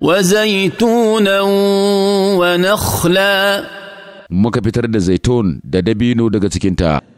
وزيتونا ونخلا muka fitar da zaitun da dabino daga cikinta